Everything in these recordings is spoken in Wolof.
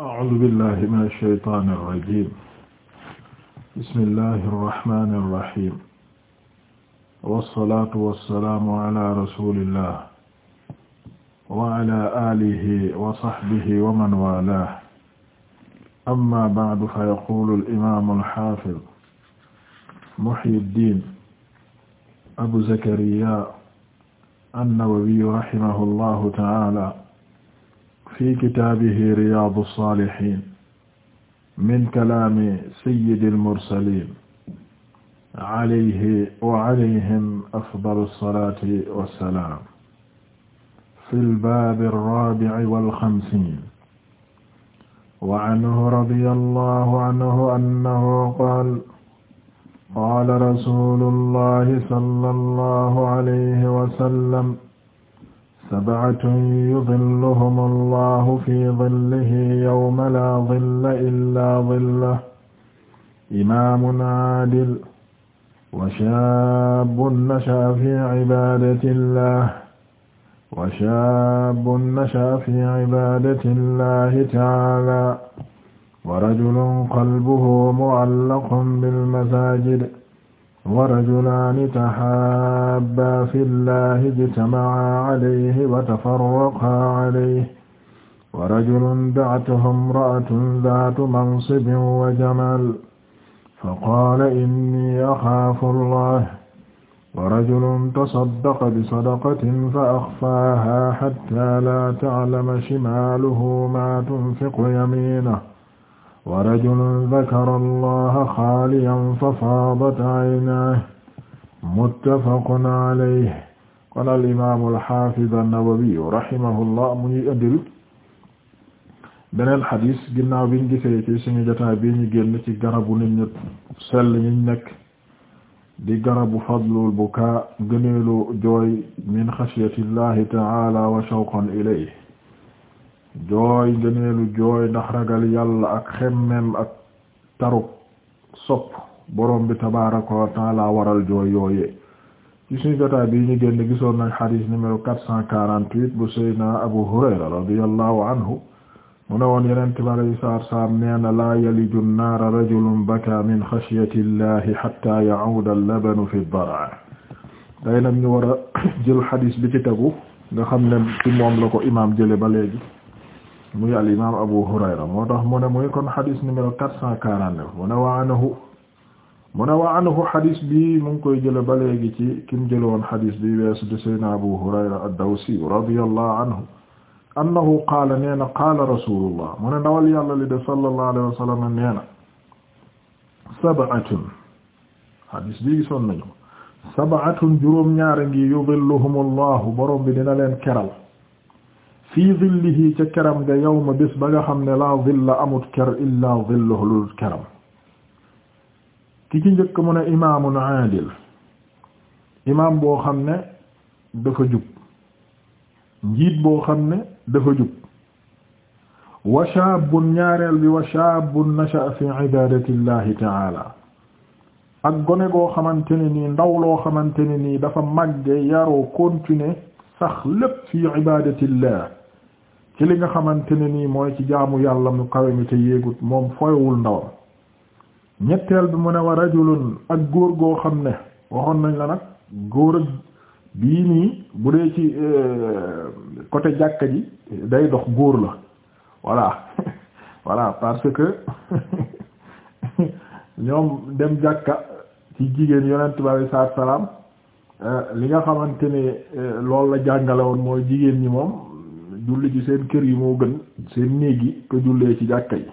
أعوذ بالله من الشيطان الرجيم بسم الله الرحمن الرحيم والصلاة والسلام على رسول الله وعلى آله وصحبه ومن والاه أما بعد فيقول الإمام الحافظ محي الدين أبو زكريا النووي رحمه الله تعالى fi kitaabihi riyaadu saalihiin min kalaami sayyidil mursaliin alayhi wa alayhim afdalu salaati wa salaam fil baabi raabi'i wal xamsiin wa anhu radiyallaahu anhu annahu qaala qaala rasuulullaahi sallallaahu alayhi wa sallam sab'atun yudhilluhumu allahu fi dhillihi yawma laa dhilla illaa dhilluhu imaamun aadil wa shaabun nasha'a fi cibaadatillahi wa shaabun nasha'a fi cibaadatillahi ta'aalaa wa rajulun qalbuhu mu'allaqun bilmasaajid ورجلان تحابا في الله اجتمعا عليه وتفرقا عليه ورجل دعته امرأة ذات منصب وجمال فقال إني أخاف الله ورجل تصدق بصدقة فأخفاها حتى لا تعلم شماله ما تنفق يمينه wa rajulun dakara allaha xaaliyan fa faadat aynaahu muttafaqun alayhi kon al imaamu alxaafid an-Nawawi rahimahullah mu ngi indil beneen xadis ginnaaw biñ gisee ci suñu jotaay bi ñu génn ci garabu nit ñu sell ñu nekk di garabu fadlul bukaa gëneelu jooy min xashyati llahi ta'ala wa shawqan ilayhi jooy ngëneelu jooy ndax ragal yàlla ak xemmem ak taruk sopp borom bi tabaaraka wa waral jooy yooye ci suñu jotaay bi ñu génn gisoon nag xadiis numéro 448 bu Seydina Abu Hurayra radiyallahu anhu mu ne woon yeneen tibalay saar saam neena laa yaliju nnaara rajulun baka min xashyati llahi hatta ya'uda al fi ad-dar'a day nag ñu war jël xadiis bi ci tegu nga xam ne ci moom la ko imaam jële ba léegi muy al imaam Abu Hurayra moo tax mu ne muy kon xadis numéro quatre cent quarante-neuf mu ne wa a mu ne wa anhu xadis bi mu ngi koy jële ba léegi ci kim jëloon xadis bi weesu di Seydina Abu Hurayra ad-Dawsi radiyallahu anhu annahu qaala nee na qaala rasulullah a ne ndawal yàlla li de sallallahu alayhi wa sallam nee na sab'atun xadis bi gisoon nañu sab'atun juróom-ñaar ngi yudilluhum allahu borom bi dina leen keral fi zillihi ca keram nga yawma bés ba nga xam ne la zilla amut ker illaa zilluhu lul keram ki ci njëkk mu ne imaamun aadil imaam boo xam ne dafa jub njiit boo xam ne dafa jub wa shaabun ñaareel bi wa shaabun nasha'a fi ibaadatillahi ta'ala ak gone goo xamante ne nii ndaw loo xamante ne nii dafa màgge yaroo continuer sax lépp fi ibaadatillah ci li nga xamante ne nii mooy ci jaamu yàlla mu kawe mi te yéegut moom foywul ndawam ñetteel bi mu ne war a rajulun ak góor goo xam ne waxoon nañ la nag góor ak bii nii bu dee ci euh, côté jàkka ji day dox góor la voilà voilà parce que ñoom dem jàkka ci jigéen yonent bi alei salaam euh, li nga xamante ni euh, loolu la jàngale woon mooy jigéen ñi moom julli ci seen kër yi moo gën seen néeg yi ko jullee ci jàkka yi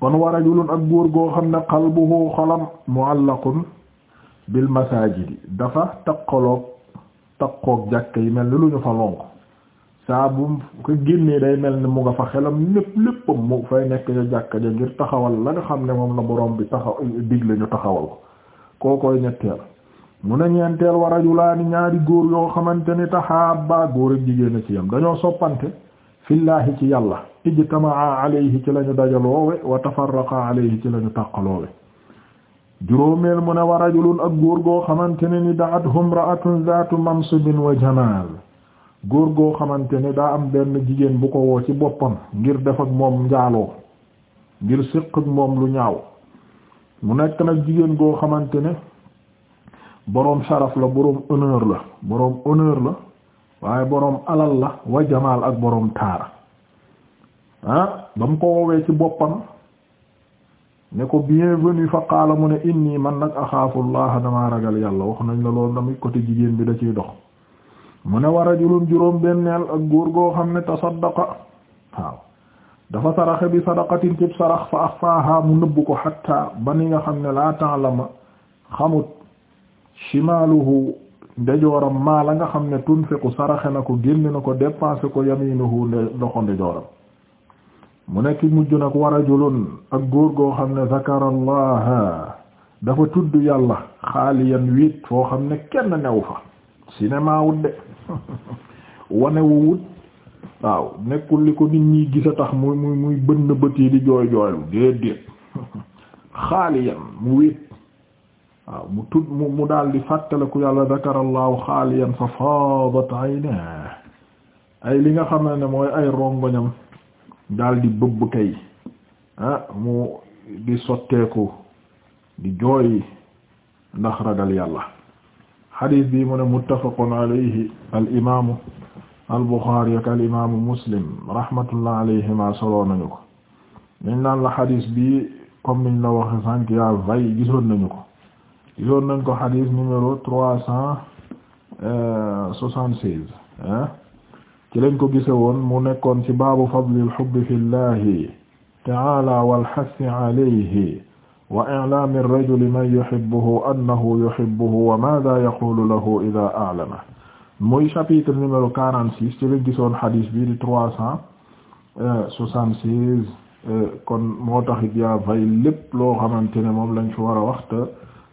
kon wa ak góor goo xam ne qalbuhu xolam mu'allaqun bil masajidi dafa taqaloog taqoog jàkka yi mel ni lu ñu fa lonk saa bu ko génnee day mel ni mu nga fa xelam lépp léppam mu fay nekk ca jàkka ja ngir taxawal la nga xam ne moom la borom bi taxaw digle ñu taxawal ko koo koy ñetteel mu ne ñeenteel wa rajulaani ñaari góor yoo xamante ni tahaabaa góor ak jigéen a ci yam dañoo soppante fillaahi ci yàlla ijtamaa alayhi ci lañu dajaloowe wa tafarraqa alayhi ci lañu tàqaloowe juróomeel mu ne wa rajulun ak góor goo xamante ne ni da'athum ra'atun zaatu mansibin wa jamaal góor goo xamante ne daa am benn jigéen bu ko woo ci boppam ngir def ak moom njaaloo ngir séq ak moom lu ñaaw mu nekk nag jigéen goo xamante ne boroom sharaf la boroom honneur la boroom honneur la waaye boroom alal la wa jamaal ak boroom taar ah ba mu ko woowee ci boppam ne ko bienvenue fa qaala mu ne inni man nag axaafu allah damaa ragal yàlla wax nañ la loolu damit côté jigéen bi da ciy dox mu ne wa rajulun juróom benneel ak góor goo xam ne tasaddaqa waaw dafa saraxe bi sadaqatin cib sarax fa axfaaha mu nëbb ko xatta ba ni nga xam ne laa ta'lama xamut shimaluhu ndejooram maa la nga xam ne tunfiqu saraxe na ko génn na ko dépensé ko yaminuhu ndoxo ndejooram mu nekk mujj nag wa rajulun ak góor goo xam ne zakarallaha dafa tudd yàlla xaaliyan wiit foo xam ne kenn new fa cinéma wut de wanewu wut waaw nekkul li ko nit ñi gis a tax muy muy muy bënn bët yi di jooy jooylu déedéet xaaliyan mu wiit waaw mu tudd mu mu daal di fàttaliku yàlla dakarallahu xaaliyan fa faadat aynaa ay li nga xam ne mooy ay rongoñam daal di bëbb kay ah mu di sotteeku di jooy ndax ragal yàlla xadiis bi mu ne muttafaqun alayhi al imaamu al buxaari ak al muslim rahmatullah alayhima soloo nañu ko nañ naan la xadiis bi comme niñ la waxe sànq yaa vay gisoon nañu ko yoon nañ ko xadis numéro trois cent euh, soixante seize ci lañ ko gise woon mu nekkoon ci baabu fadlil hubbi fillahi ta'ala wal hassi alayhi wa i'lami ar-rajuli man yuhibbuhu annahu yuhibbuhu wa madha yaqulu lahu idha a'lama muy chapitre numéro quarante six ci lañ gisoon xadis bi di trois cent euh, soixante seize euh, kon moo tax it yaa fay lépp loo xamante ne moom lañ fi war a waxta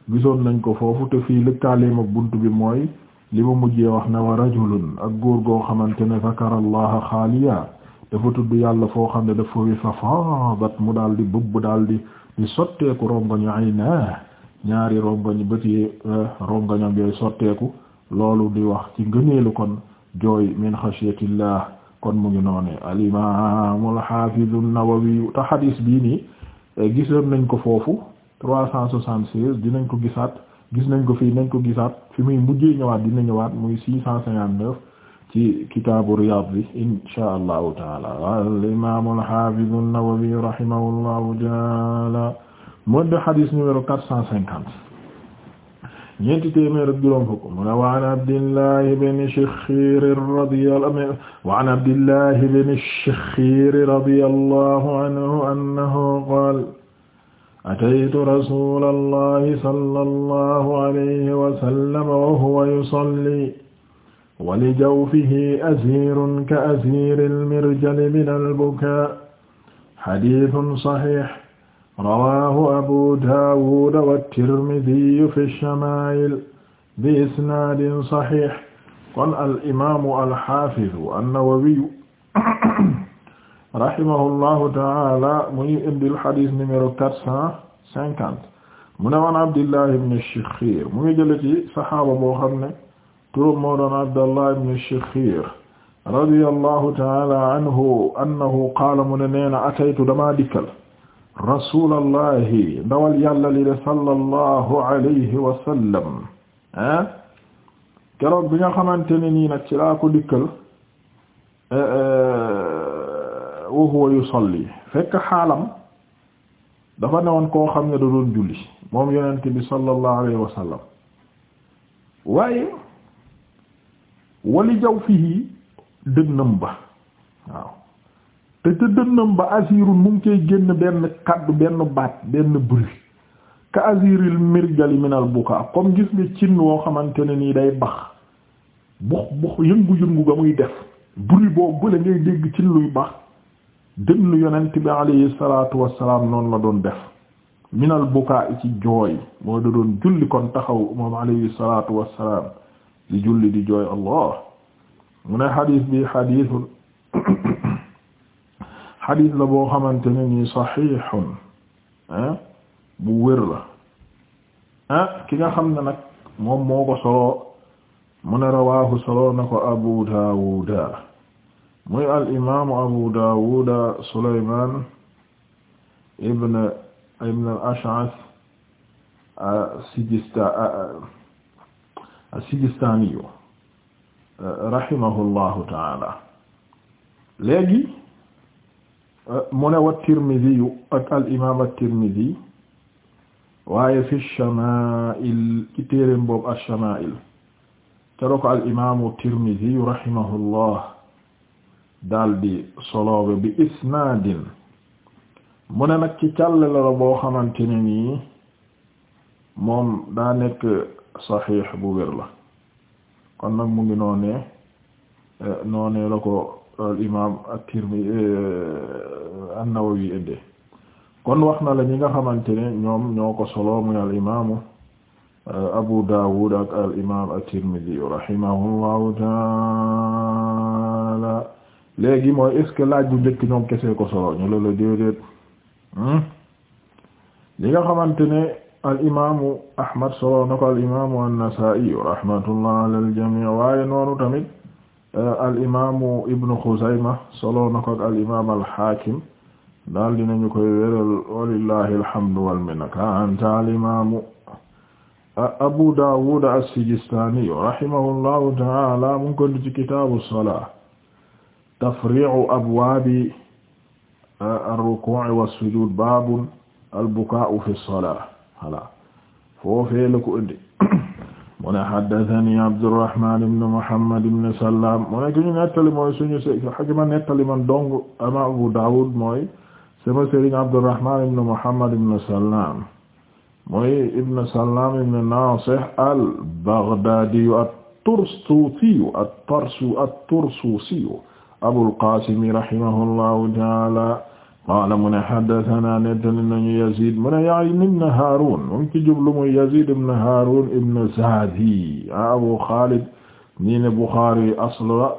gisoon nañ ko foofu te fii lëkkaaleem ak bunt bi mooy li ma mujjee wax na wa rajulun ak góor goo xamante ne zakara allaha xaaliya dafa tudd yàlla foo xam ne dafa wi fa faabat mu daal di bëbb daal di di sotteeku rongoñ ay na ñaari rongoñ bëti eh, rongoñam yooyu sotteeku loolu di wax ci ngëneelu kon jooy min xashiyatillah kon mu ngi noone al imaam al xaafiz an xadiis bii nii eh, gisoon nañ ko foofu trois cent soixante-seize dinañ ko gisaat gis nañ ko fii nañ ko gisaat fi muy mujjee ñëwaat dina ñëwaat muy six cent cinquante-neuf ci kitaabu Riyaad bi insha allahu taala al imaam al haafiz an-Nawawi rahimahullahu taala moo de xadis numéro quatre cent cinquante ñeenti téeméer ak juróom fukk mu ne wa an Abdillahi ibn Shikhkhir radiyallahu wa an Abdillahi ibn Shikhkhir radiyallahu anhu annahu qaala ataytu rasula allahi sala allahu alayhi wasallama wa huwa yusalli wa li jawfihi asiirun ka asiiri almirjali min albukaa xadiisun saxiix rawaahu abu daawuda wattirmidiyu fi shamaa'il bi isnaadin saxiix kon al imaamu alxaafidu annawawiyu rahimahullahu taala mu ngi indil xadis numéro quatre cent cinquante mu ne woon Abdullah ibn Shikhir mu ngi jële ci saxaaba boo xam ne turam moo doon Abdullah ibn Shikhir radiyallahu taala anhu annahu qaala mu ne nee na ataytu damaa dikkal rasulallahi ndawal yàlla li de sallallahu alayhi wa sallam ah keroog bi nga xamante ne nii nag ci laa ko dikkal eh, eh, wa huwa yusalli fekk xaalam dafa newoon koo xam ne da doon julli moom yonent bi sallallahu alayhi wa waaye wali jaw fii dënnam ba waaw te dënnam ba asirun mu ngi koy génn benn kaddu benn baat benn bruit ka asiril mirjali minal buka comme gis nga cin woo xamante ne nii day bax bux bux yëngu-yëngu ga muy def bruit boo bële ngay dégg cin luy bax dënn yonent bi alayhi salaatu salaam noonu la doon def minal bukaa i ci jooy moo da doon julli kon taxaw moom alayhi salaatu wassalaam di julli di jooy allah mu ne xadiis bi xadiisun xadiis la boo xamante ne nii saxiixun bu wér la ah ki nga xam ne nag moom moo ko soloo mu ne rawaahu soloo na ko abu daawuda muy al imaamu abu daawuda sulaymaan ibn ibn al ash'ath as-sijistaaniyu rahimahullahu taala léegi mu ne wa tirmidiyu ak al imaam at-tirmidi waaye fi shamaa'il ci téereem boobu ash-shamaa'il te la ko al imaamu tirmidiyu rahimahullah daldi soloobe bi isnaadin mu ne nag ci càll la boo xamante ne nii moom daa nekk saxiix bu wér la kon nag mu ngi noonee eh, noonee la ko al imaam at-Tirmidhi eh, an-Nawawi ëdde kon wax na la ñi nga xamante ne ñoom ñoo ko solo muy al imaamu eh, Abu Dawud al imaam at-Tirmidhi rahimahullahu ta'ala léegi mooy est laaj bu njëkk ñoom kesee ko solo ñu la la déedéet hmm? li nga xamante ne al imaamu Ahmad solo na al imaamu an-Nasaa'i rahmatullah al-jamii waaye noonu tamit eh, al imaamu Ibn Khuzayma solo na al imaam al-Haakim daal dinañu koy wéral walillahi alhamdu wal minna kaanta al imaamu Abu Daawud as-Sijistaani rahimahullahu ta'ala mu ngi ko ci kitaabu as tafri'u abwaabi ar-rukuu'i was-sujuud baabun al-bukaa'u fi s-salaat voilà foofee la ko indi mu ne haddathanii Abdurrahmaan ibn Muhammad ibn Sallaam mu ne ki ñu nettali mooy suñu xajma nettali man dong ama Abu Daawuud mooy sama sëriñ Abdurrahmaan ibn Muhammad ibn Sallaam mooy ibn Sallaam ibn Naasih al-Baghdaadiyu at-Tarsuusiyu at-Tarsu at-Tarsuusiyu Abul Qaasim rahimahullahu ta'aala qaala mu ne haddasanaa nettali nañu Yaziid mu ne yaay ibn Haaruun mu ngi ci jublu muy Yaziid ibn Haaruun ibn Zaadi Abu Xaalid ñii ne Buxaari asl la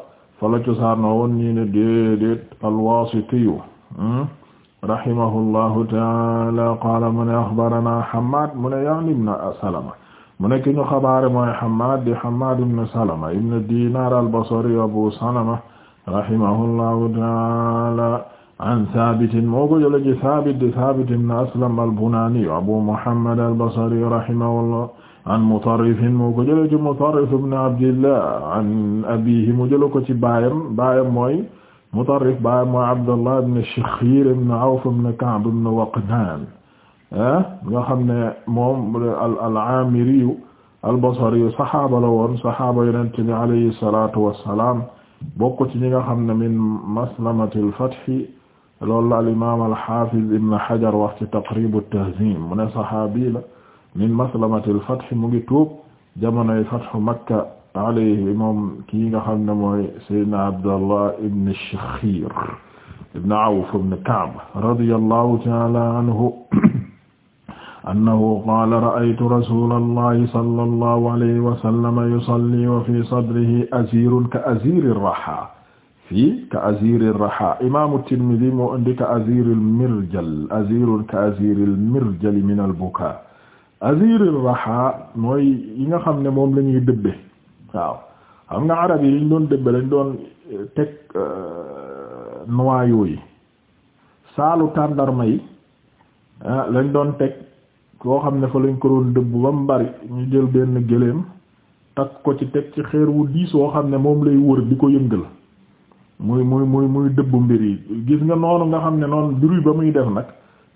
fa la cosaanoo woon ñii ne déedéet al-Waasitiyu hmm, rahimahullahu ta'aala qaala mu ne axbaranaa Hammaad mu ne yaani ibn Salama mu nekk ñu xabaare mooy Hammaad di Hammaad ibn Salama ibn Diinaar al-Basri Abu Salama rahimahullahu taala an sabitin moo ko jële ci sabit de sabit ibn aslam al-bunani abu muhammad al-basri rahimahullah an mutarrif moo ko jële ci mutarrif ibn abdillah an abihi mu jële ko ci baayam baayam mooy mutarrif baayam mooy abdullah ibn shikhir ibn awf ibn ka'b ibn waqdan ah, nga xam ne moom al-amiri al-basri saxaaba la woon saxaaba yonent bi alayhi salaatu wassalaam bokk ci ñi nga xam ne min maslamatil fathi loolu la al imaam al haafiz ibn hajar wax ci taqrib at-tahzim mu ne saxaabi la min maslamatil fathi mu ngi tuub jamonoy fathu makka alayhi moom kii nga xam ne mooy sayyidina abdallah ibn shakhir ibn awf ibn ka'b radiyallahu ta'ala anhu annahu qaala ra'aytu rasuulallahi sallallahu alayhi wa sallam yusalli wa fi sadrihi aziirun ka aziiri raha fii ka aziiri raha imaamu Tirmidi moo indi ka aziiri mirjal aziirun ka aziiri mirjal min al-bukaa aziiri raha mooy yi nga xam ne moom la ñuy dëbbe waaw xam nga arab yi liñ doon dëbbe lañ doon eh, teg eh, noyaux yi saalu tàndarma yi ah, lañ doon teg. koo xam ne fa lañ ko doon dëbb ba mu bari ñu jël benn gëléem takk ko ci teg ci xeer wu diis woo xam ne moom lay wër di ko yëngal muy muy muy muy dëbb mbir yi gis nga noonu nga xam ne noonu bruit ba muy def nag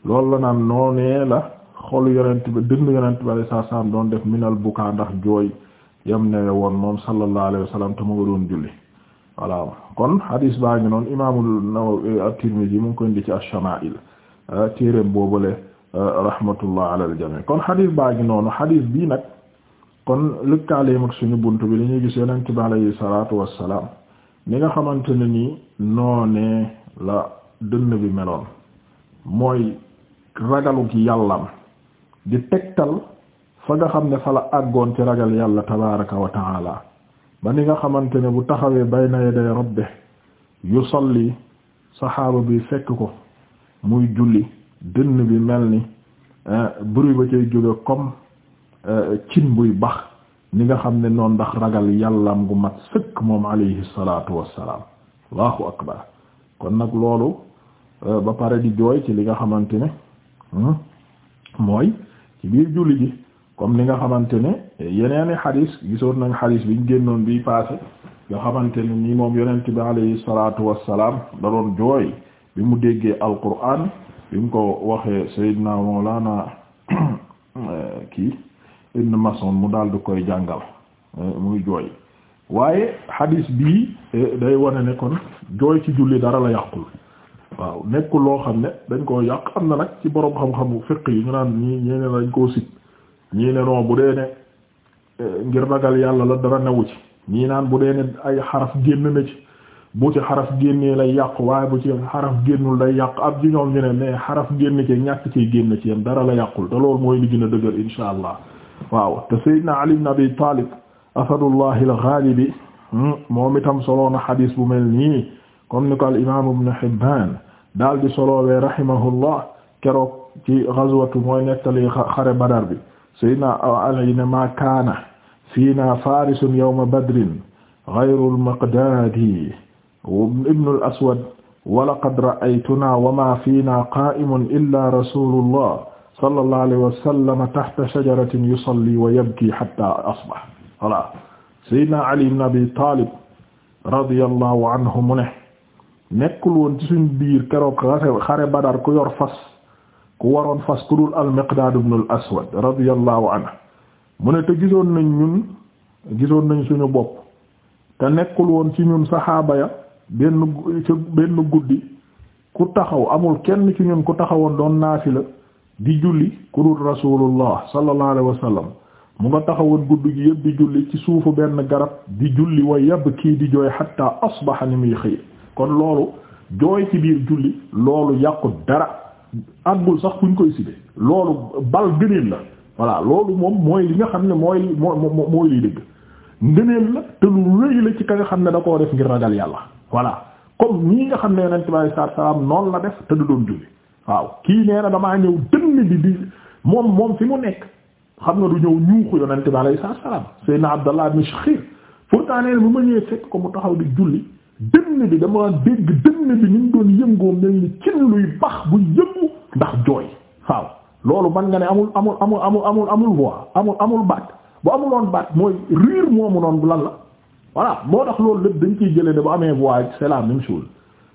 loolu la naan noonee la xolu yonent bi dënn yonent bi alayhi salaam doon def minal bukaa ndax jooy yam newe woon moom sallallahu alayhi wa sallam te mu nga doon julli voilà kon hadis baa ngi noonu imaamul Nawawi at-Tirmidhi mu ngi koy indi ci rahmatullah ala aljami kon xadis baa ngi noonu xadis bii nag kon lëkkaaleem suñu bunt bi li ñuy gis yonent bi alayhi salaatu wassalaam ni nga xamante ne ni noonee la dënn bi meloon mooy ragaluk yàllam di tegtal fa nga xam ne fa la àggoon ci ragal yàlla tabaraka wa taala ba ni nga xamante ne bu taxawee bayna yaday rabbi yusalli saxaaba bii fekk ko muy julli dënn bi mel ni euh, bruit ba cay jóge comme euh, cin buy bax ni nga xam ne noon ndax ragal yàllaam gu mat sëkk moom alayhi salaatu wassalaam allahu akbar kon nag loolu euh, ba pare di jooy ci li nga xamante ne hmm, mooy ci biir julli ji comme li nga xamante ne yeneeni xadis gisoon nañ xadis biñ génnoon bi passé nga xamante ne nii moom yonent bi alayhi salaatu wassalaam da doon jooy bi mu déggee alquraan bi mu ko waxee laa naa kii Ibn Mas'ud mu daal di koy jàngal muy jooy waaye hadis bii day wane nekkoon kon jooy ci julli dara la yàqul waaw nekkul loo xam ne dañ koo yàq am na nag ci boroom xam-xamu fiq yi ñu naan ñii ñii ne dañ koo sit ñii ne bu dee ne eh, ngir ragal yàlla la dara newu ci ñii naan bu dee ne ay xaraf génn na ci. bu ci xaraf génnee lay waaye bu ci xaraf génnul day yàqu ab ji ñoom ñu ne mais xaraf génn ci ñàkk ci génn ci yam dara la yàqul te loolu mooy li gën a dëgër insha allah waaw te Seydina Ali ibn Abi Talib asadullah al-ghalibi hmm, moom tam solo na xadiis bu mel nii comme ni ko al imaam ibn Hibbaan daal di solowee rahimahullah keroog ci ghazwatu mooy nettali xare Badar bi Seydina Ali ne ma kaana fiina farisun yawma badrin ghayru al-miqdaadi ibnul aswad walaqad ra'aytunaa wa maa fiinaa qaa'imun illaa rasuulullah sallallahu alayhi wa sallam tahta shajaratin yusalli wa yabkii hattaa asbaha voilà Seydina Ali ibn Abi Taalib radiyallahu anhu mu ne nekkul woon ci suñ biir keroog xare Badar ku yor fas ku waroon fas ku dul al-Miqdaad ibnul Aswad radiyallahu anhu mu ne te gisoon nañ ñun gisoon nañ suñu bopp te nekkul woon ci ñun saxaaba ya benn ca guddi ku taxaw amul kenn ci ngeen ku taxawoon doon naafila di julli ku dul rasulullah sallallahu alayhi wa sallam mu nga taxawoon guddi gi yëpp di julli ci suufu benn garab di julli wa yab kii di jooy xatta asbaha ni muy xëy kon loolu jooy ci biir julli loolu yàqu dara àggul sax kuñ koy sibee loolu bal gëneel la voilà loolu moom mooy li nga xam ne mooy mooy mooy liy dëgg ngëneel la te lu rëy la ci ka nga xam ne da koo def ngir ragal yàlla voilà comme ñii nga xam ne yonent bi alayhi salaam noonu la def te du doon julli waaw kii nee na damaa ñëw dënn bi di moom moom fi mu nekk xam nga du ñëw ñuuxu yonent bi alayhi salaam Seydina Abdallah ibn Shakhir pourtant na bu ma ñëwee fekk ko mu taxaw di julli dënn bi dama dégg dënn bi ni mu doon yëngoo mel ni cin luy bax bu yëngu ndax jooy waaw loolu man nga ne amul amul amul amul amul amul voix amul amul baat bu amuloon baat mooy riir moomu noonu lan la. waa moo tax loolu lépp dañ koy jëlee ne bu amee voix c'est la même chose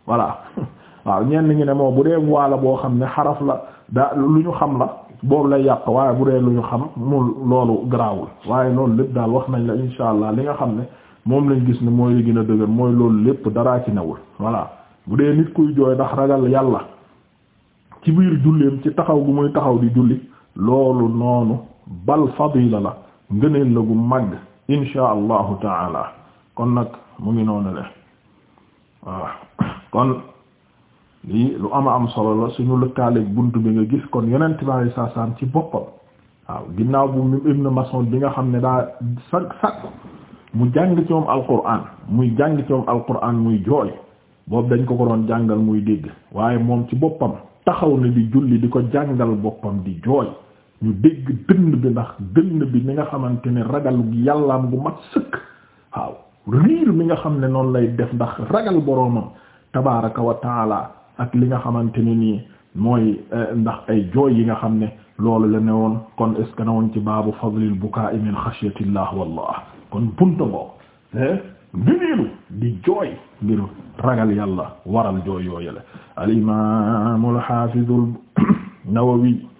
voilà waaw ñenn ñi ne moom bu dee voix la boo xam ne xaraf la daa lu ñu xam la boobu la yàq waaye bu dee lu ñu xam mu loolu garaawul waaye loolu lépp daal wax nañ la insha allah li nga xam ne moom lañ gis ne mooy li a dëgër mooy loolu lépp daraa ci newul voilà bu dee nit kuy jooy ndax ragal yàlla ci biir julleem ci taxaw gu muy taxaw di julli loolu noonu bal fadila la ngëneel la gu màgg kon nag mu ngi noonu la waaw kon lii lu ama am solo la suñu lëkkaaleeg bunt bi nga gis kon yeneen bi alayhi salaam ci boppam waaw ginnaaw bu mu Ibn Mas'ud bi nga xam ne daa sag sag mu jàng ci moom alquran muy jàng ci moom alquran muy jooy boobu dañ ko ko doon jàngal muy dégg waaye moom ci boppam taxaw na di julli di ko jàngal boppam di jooy ñu dégg dënn bi ndax dënn bi ni nga xamante ne ragalu yàllaam bu mat sëkk waaw riir mi nga xam ne noonu lay def ndax ragal boroomam tabaraka wa taala ak li nga xamante ne nii mooy eh, ndax ay jooy yi nga xam ne loolu la ne woon kon est ce woon ci baabu fadlil bukaa min xashyatillah wallah kon bunta ngoo eh, ngëneelu di jooy ngir ragal yàlla waral jooy yooyu la al imaam al haafiz nawawi